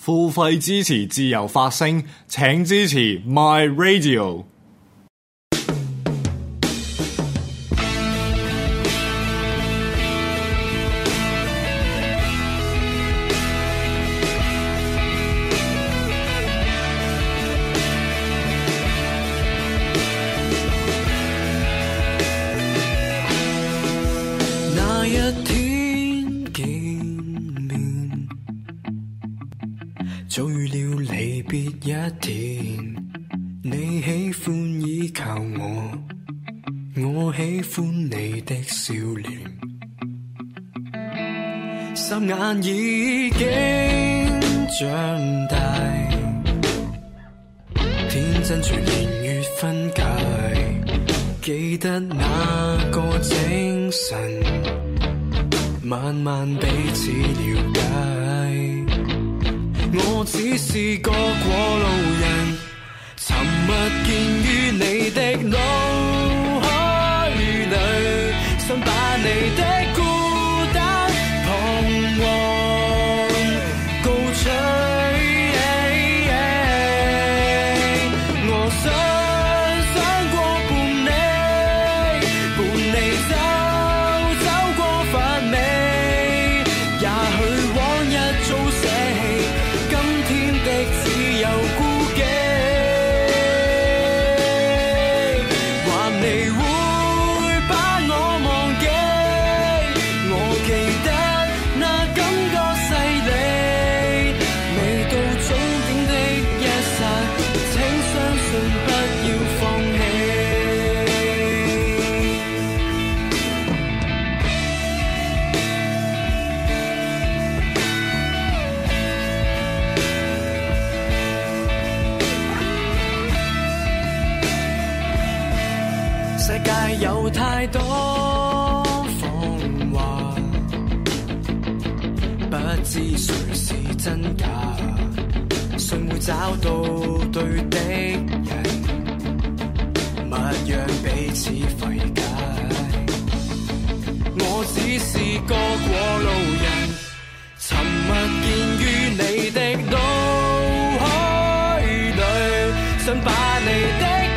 付費支持自由發聲，請支持 My Radio。早預料離別一天，你喜歡依靠我，我喜歡你的笑臉。心眼已經長大，天真隨年月分解，記得那個清晨，慢慢彼此了解。我只是個過路人，沉默見於你的腦海裡，想把你的。界有太多謊話，不知誰是真假，誰會找到對的人，勿讓彼此費解。我只是個過路人，沉默見於你的腦海裡，想把你的。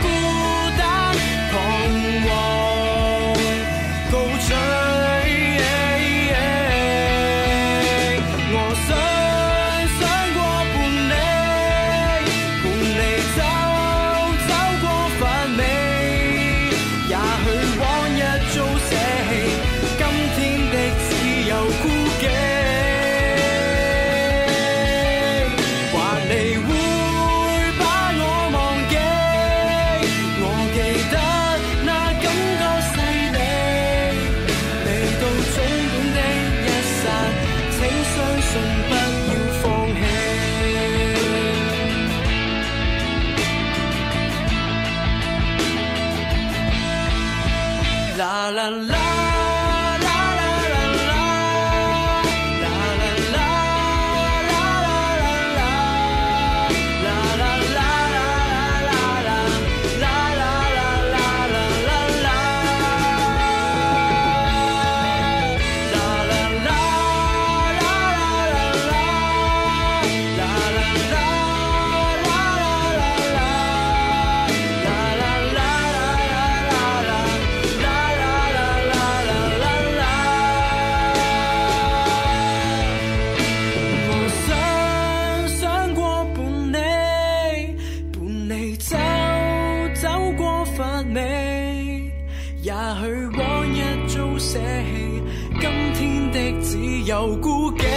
也許往日早捨棄，今天的只有孤寂。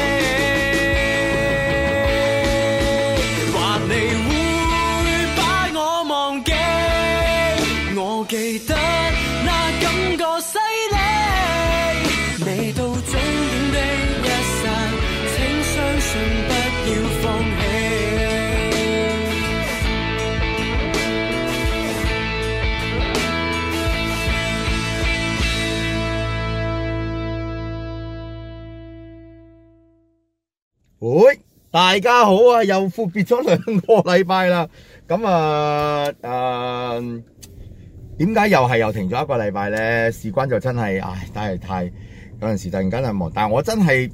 喂，大家好啊！又闊別咗兩個禮拜啦，咁啊誒，點、啊、解又係又停咗一個禮拜咧？事關就真係唉，真係太，太有陣時突然間就忙，但係我真係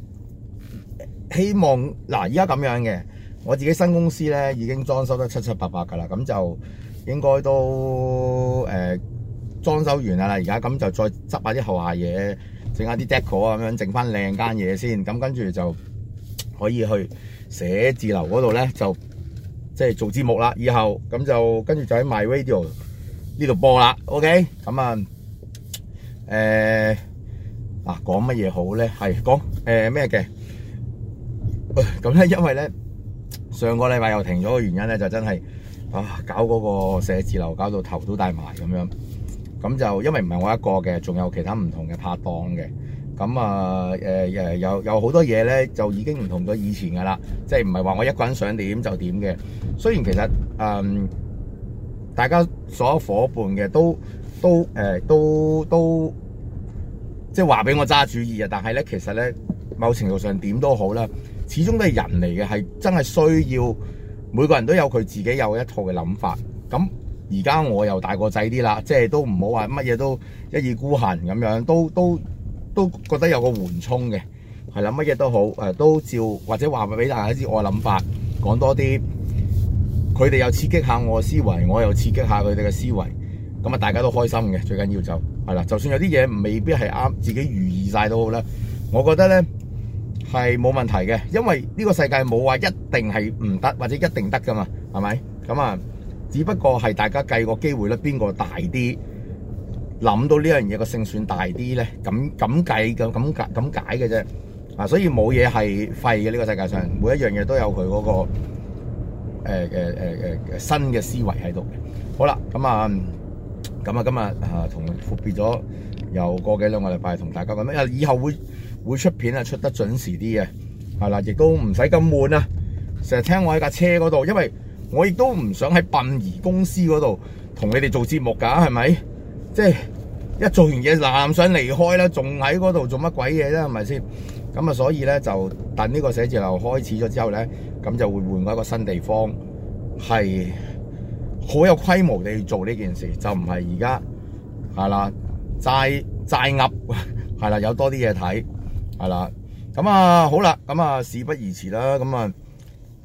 希望嗱，而家咁樣嘅我自己新公司咧，已經裝修得七七八八噶啦，咁就應該都誒裝、呃、修完啦。而家咁就再執下啲後下嘢，整下啲 deco 啊，咁樣整翻靚間嘢先。咁跟住就。可以去寫字樓嗰度咧，就即係做節目啦。以後咁就跟住就喺 MyRadio 呢度播啦。OK，咁啊誒嗱，講乜嘢好咧？係講誒咩嘅？咁咧，因為咧，上個禮拜又停咗嘅原因咧，就真係啊搞嗰個寫字樓搞到頭都大埋咁樣。咁就因為唔係我一個嘅，仲有其他唔同嘅拍檔嘅。咁啊，誒誒、呃呃，有有好多嘢咧，就已經唔同咗以前噶啦。即係唔係話我一個人想點就點嘅？雖然其實誒、呃，大家所有伙伴嘅都都誒、呃、都都即係話俾我揸主意啊。但係咧，其實咧，某程度上點都好啦，始終都係人嚟嘅，係真係需要每個人都有佢自己有一套嘅諗法。咁而家我又大個仔啲啦，即係都唔好話乜嘢都一意孤行咁樣，都都。都都覺得有個緩衝嘅，係諗乜嘢都好，誒，都照或者話俾大家知我嘅諗法，講多啲，佢哋又刺激下我嘅思維，我又刺激下佢哋嘅思維，咁啊，大家都開心嘅，最緊要就係啦，就算有啲嘢未必係啱，自己如意曬都好啦，我覺得咧係冇問題嘅，因為呢個世界冇話一定係唔得或者一定得㗎嘛，係咪？咁啊，只不過係大家計個機會咧，邊個大啲。諗到呢樣嘢個勝算大啲咧，咁咁計咁咁解咁解嘅啫，啊！所以冇嘢係廢嘅呢個世界上，每一樣嘢都有佢嗰個誒誒誒新嘅思維喺度。好啦，咁啊，咁啊，今日啊，同闊別咗又個幾兩個禮拜，同大家講咩啊？以後會會出片啊，出得準時啲嘅，係啦，亦都唔使咁悶啊！成日聽我喺架車嗰度，因為我亦都唔想喺殯儀公司嗰度同你哋做節目㗎，係咪？即係一做完嘢，就諗想離開啦，仲喺嗰度做乜鬼嘢啫？係咪先咁啊？所以咧就等呢個寫字樓開始咗之後咧，咁就會換過一個新地方，係好有規模地去做呢件事，就唔係而家係啦債債鴨係啦，有多啲嘢睇係啦。咁啊好啦，咁啊事不宜遲啦，咁啊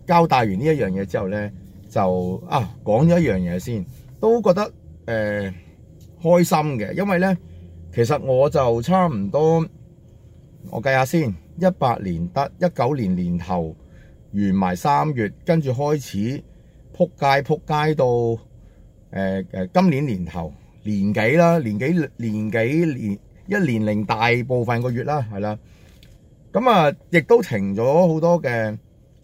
交代完呢一樣嘢之後咧，就啊講咗一樣嘢先，都覺得誒。呃開心嘅，因為呢，其實我就差唔多，我計下先，一八年得一九年年頭完埋三月，跟住開始撲街撲街到、呃、今年年頭年幾啦，年幾年幾年，年，年，年一年零大部分個月啦，係啦，咁啊亦都停咗好多嘅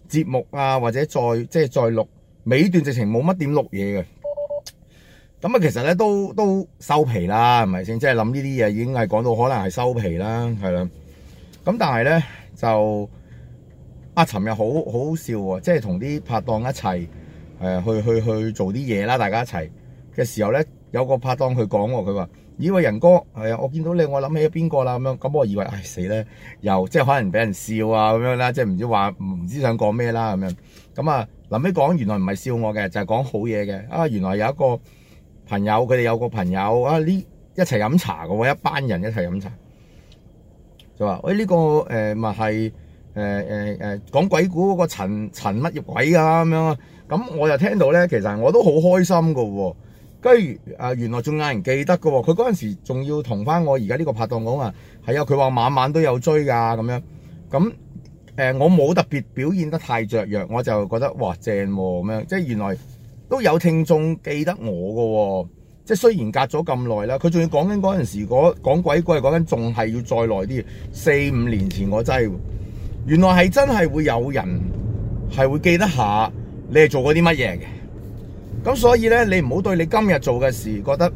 節目啊，或者再即係再錄尾段直情冇乜點錄嘢嘅。咁啊，其實咧都都收皮啦，係咪先？即係諗呢啲嘢已經係講到可能係收皮啦，係啦。咁但係咧就阿尋日好好笑喎、哦！即係同啲拍檔一齊誒去去去，去做啲嘢啦，大家一齊嘅時候咧，有個拍檔佢講喎，佢話：咦，個仁哥係啊，我見到你，我諗起邊個啦咁樣。咁我以為唉死咧，又即係可能俾人笑啊咁樣啦，即係唔知話唔知想講咩啦咁樣。咁啊，臨尾講原來唔係笑我嘅，就係、是、講好嘢嘅啊！原來有一個。朋友佢哋有個朋友啊呢一齊飲茶嘅喎，一班人一齊飲茶就話：，喂、哎，呢、這個誒咪係誒誒誒講鬼故嗰個陳陳乜嘢鬼啊咁樣。咁我就聽到咧，其實我都好開心嘅喎。假如啊，原來仲有人記得嘅喎，佢嗰陣時仲要同翻我而家呢個拍檔講啊，係啊，佢話晚晚都有追噶咁樣。咁誒、呃，我冇特別表現得太雀躍，我就覺得哇正喎、啊、咁樣，即係原來。都有聽眾記得我嘅，即係雖然隔咗咁耐啦，佢仲要講緊嗰陣時講鬼鬼嗰陣，仲係要再耐啲，四五年前我真係，原來係真係會有人係會記得下你係做過啲乜嘢嘅。咁所以咧，你唔好對你今日做嘅事覺得，誒、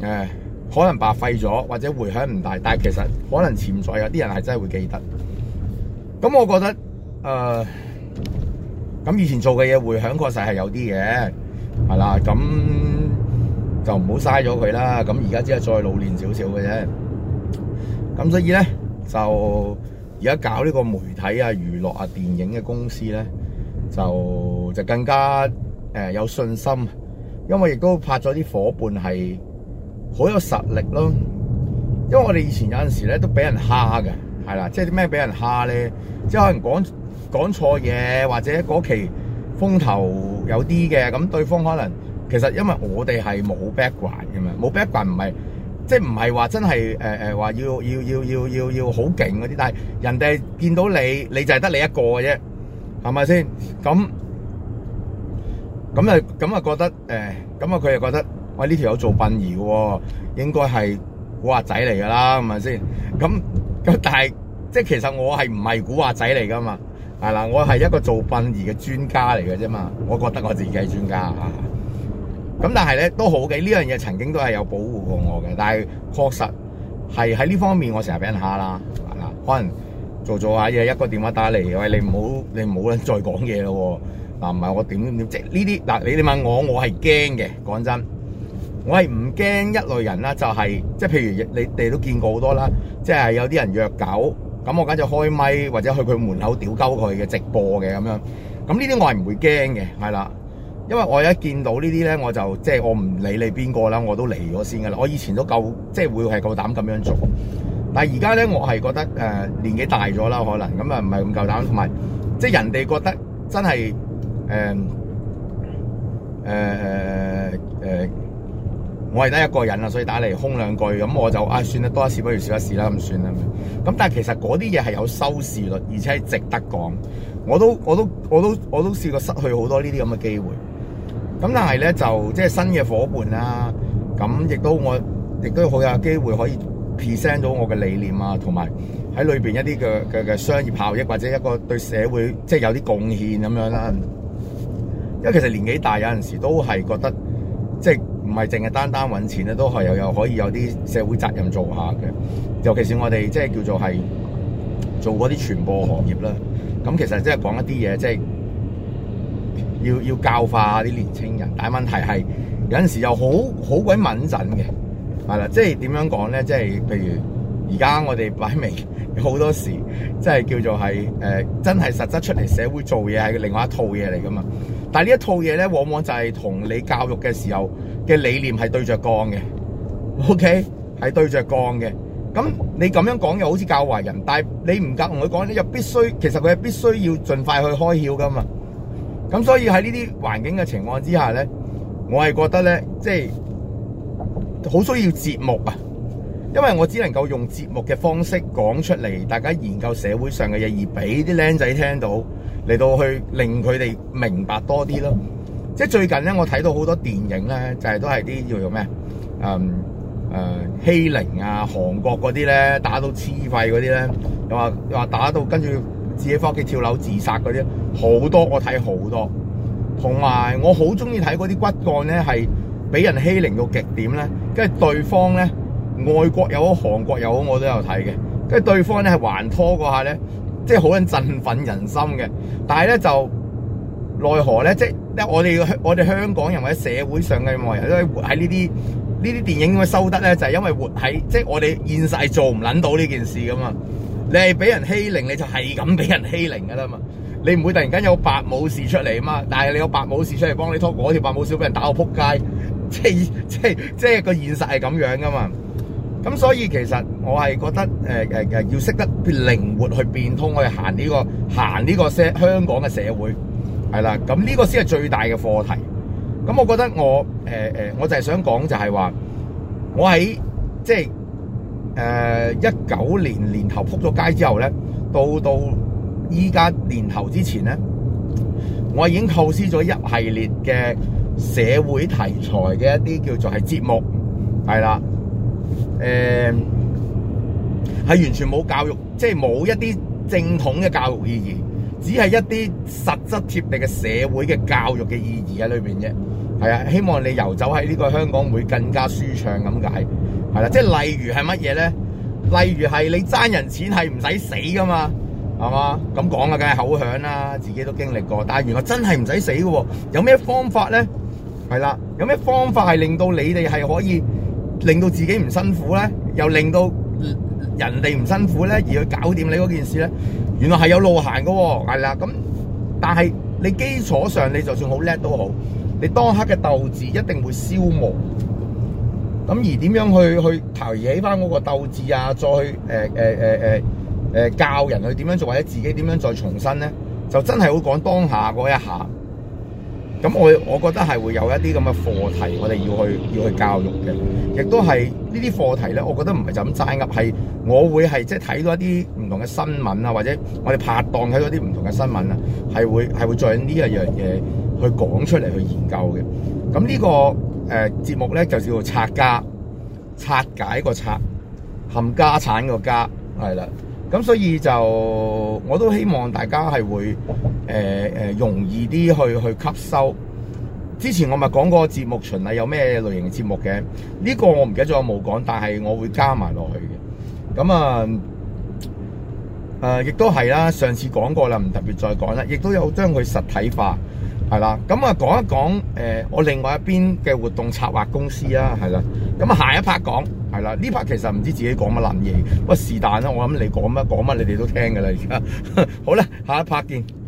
呃、可能白費咗或者迴響唔大，但係其實可能潛在有啲人係真係會記得。咁我覺得，誒、呃。咁以前做嘅嘢迴響確實係有啲嘅，係啦，咁就唔好嘥咗佢啦。咁而家只係再老練少少嘅啫。咁所以咧，就而家搞呢個媒體啊、娛樂啊、電影嘅公司咧，就就更加誒、呃、有信心，因為亦都拍咗啲伙伴係好有實力咯。因為我哋以前有陣時咧都俾人蝦嘅，係啦，即係啲咩俾人蝦咧，即係可能講。講錯嘢，或者嗰期風頭有啲嘅，咁對方可能其實因為我哋係冇 background 嘅嘛，冇 background 唔係即係唔係話真係誒誒話要要要要要要好勁嗰啲，但係人哋見到你，你就係得你一個嘅啫，係咪先？咁咁啊咁啊覺得誒咁啊佢又覺得喂呢條友做殯儀喎，應該係古惑仔嚟噶啦，係咪先？咁咁但係即係其實我係唔係古惑仔嚟噶嘛？係啦，我係一個做殯儀嘅專家嚟嘅啫嘛，我覺得我自己係專家啊。咁但係咧都好嘅，呢樣嘢曾經都係有保護過我嘅。但係確實係喺呢方面我成日俾人蝦啦。啊，可能做做下嘢，一個電話打嚟，喂，你唔好，你唔好再講嘢咯。嗱、啊，唔係我點點即係呢啲嗱，你哋問我，我係驚嘅。講真，我係唔驚一類人啦、就係，就係即係譬如你哋都見過好多啦，即係有啲人虐狗。咁我梗係開咪，或者去佢門口屌鳩佢嘅直播嘅咁樣，咁呢啲我係唔會驚嘅。係啦，因為我一見到呢啲咧，我就即係、就是、我唔理你邊個啦，我都嚟咗先噶啦。我以前都夠即係、就是、會係夠膽咁樣做，但係而家咧我係覺得誒、呃、年紀大咗啦，可能咁啊唔係咁夠膽，同埋即係人哋覺得真係誒誒誒誒。呃呃呃呃我係得一個人啦，所以打嚟空兩句，咁我就啊算啦，多一事不如少一事啦，咁算啦。咁但係其實嗰啲嘢係有收視率，而且係值得講。我都我都我都我都試過失去好多呢啲咁嘅機會。咁但係咧就即係新嘅伙伴啦，咁啊亦都我亦都好有機會可以 present 到我嘅理念啊，同埋喺裏邊一啲嘅嘅嘅商業效益或者一個對社會即係有啲貢獻咁樣啦。因為其實年紀大，有陣時都係覺得即係。唔係淨係單單揾錢咧，都係又有可以有啲社會責任做下嘅。尤其是我哋即係叫做係做嗰啲傳播行業啦。咁其實即係講一啲嘢，即係要要教化啲年青人。但係問題係有陣時又好好鬼敏感嘅。係啦，即係點樣講咧？即係譬如而家我哋擺明有好多時，即係叫做係誒、呃、真係實質出嚟社會做嘢係另外一套嘢嚟噶嘛。但係呢一套嘢咧，往往就係同你教育嘅時候嘅理念係對着幹嘅，OK，係對着幹嘅。咁你咁樣講又好似教壞人，但係你唔敢同佢講，你又必須，其實佢係必須要盡快去開竅噶嘛。咁所以喺呢啲環境嘅情況之下咧，我係覺得咧，即係好需要節目啊，因為我只能夠用節目嘅方式講出嚟，大家研究社會上嘅嘢，而俾啲僆仔聽到。嚟到去令佢哋明白多啲咯，即係最近咧，我睇到好多電影咧，就係都係啲叫做咩啊？誒、嗯呃、欺凌啊，韓國嗰啲咧打到黐肺嗰啲咧，又話又話打到跟住自己翻屋企跳樓自殺嗰啲，好多，我睇好多。同埋我好中意睇嗰啲骨幹咧，係俾人欺凌到極點咧，跟住對方咧，外國又好，韓國又好，我都有睇嘅。跟住對方咧，係還拖嗰下咧。即係好撚振奮人心嘅，但係咧就奈何咧，即係我哋我哋香港人或者社會上嘅外人都係活喺呢啲呢啲電影咁樣收得咧，就係因為活喺即係我哋現實係做唔撚到呢件事噶嘛。你係俾人欺凌，你就係咁俾人欺凌噶啦嘛。你唔會突然間有白武士出嚟啊嘛。但係你有白武士出嚟幫你拖，嗰條白武士俾人打到仆街，即係即係即係個現實係咁樣噶嘛。咁所以其實我係覺得誒誒誒要識得變靈活去變通，去行呢、呢個行呢個社香港嘅社會係啦。咁呢個先係最大嘅課題。咁、嗯、我覺得我誒誒、呃，我就係想講就係話，我喺即係誒一九年年頭撲咗街之後咧，到到依家年頭之前咧，我已經構思咗一系列嘅社會題材嘅一啲叫做係節目係啦。誒、呃，係完全冇教育，即係冇一啲正統嘅教育意義，只係一啲實質貼地嘅社會嘅教育嘅意義喺裏邊啫。係啊，希望你游走喺呢個香港會更加舒暢咁解。係啦，即係例如係乜嘢咧？例如係你爭人錢係唔使死噶嘛，係嘛？咁講啊，梗係口響啦，自己都經歷過。但係原來真係唔使死嘅，有咩方法咧？係啦，有咩方法係令到你哋係可以？令到自己唔辛苦咧，又令到人哋唔辛苦咧，而去搞掂你嗰件事咧，原來係有路行嘅喎，係啦。咁但係你基礎上你就算好叻都好，你當刻嘅鬥志一定會消磨。咁而點樣去去提起翻嗰個鬥志啊？再去誒誒誒誒誒教人去點樣做或者自己點樣再重新咧，就真係會講當下嗰一下。咁我我覺得係會有一啲咁嘅課題，我哋要去要去教育嘅，亦都係呢啲課題咧。我覺得唔係就咁齋噏，係我會係即係睇到一啲唔同嘅新聞啊，或者我哋拍檔睇到啲唔同嘅新聞啊，係會係會再用呢一樣嘢去講出嚟去研究嘅。咁呢、呢個誒、呃、節目咧就叫做拆家，拆解個拆，冚家產個家，係啦。咁所以就我都希望大家係會誒誒、呃、容易啲去去吸收。之前我咪講過節目巡禮有咩類型嘅節目嘅，呢個我唔記得咗我冇講，但係我會加埋落去嘅。咁啊誒，亦都係啦，上次講過啦，唔特別再講啦，亦都有將佢實體化。係啦，咁啊講一講，誒、呃，我另外一邊嘅活動策劃公司啦，係啦，咁啊下一 part 講，係啦，呢 part 其實唔知自己講乜爛嘢，不過是但啦，我諗你講乜講乜，你哋都聽噶啦，而家好啦，下一 part 見。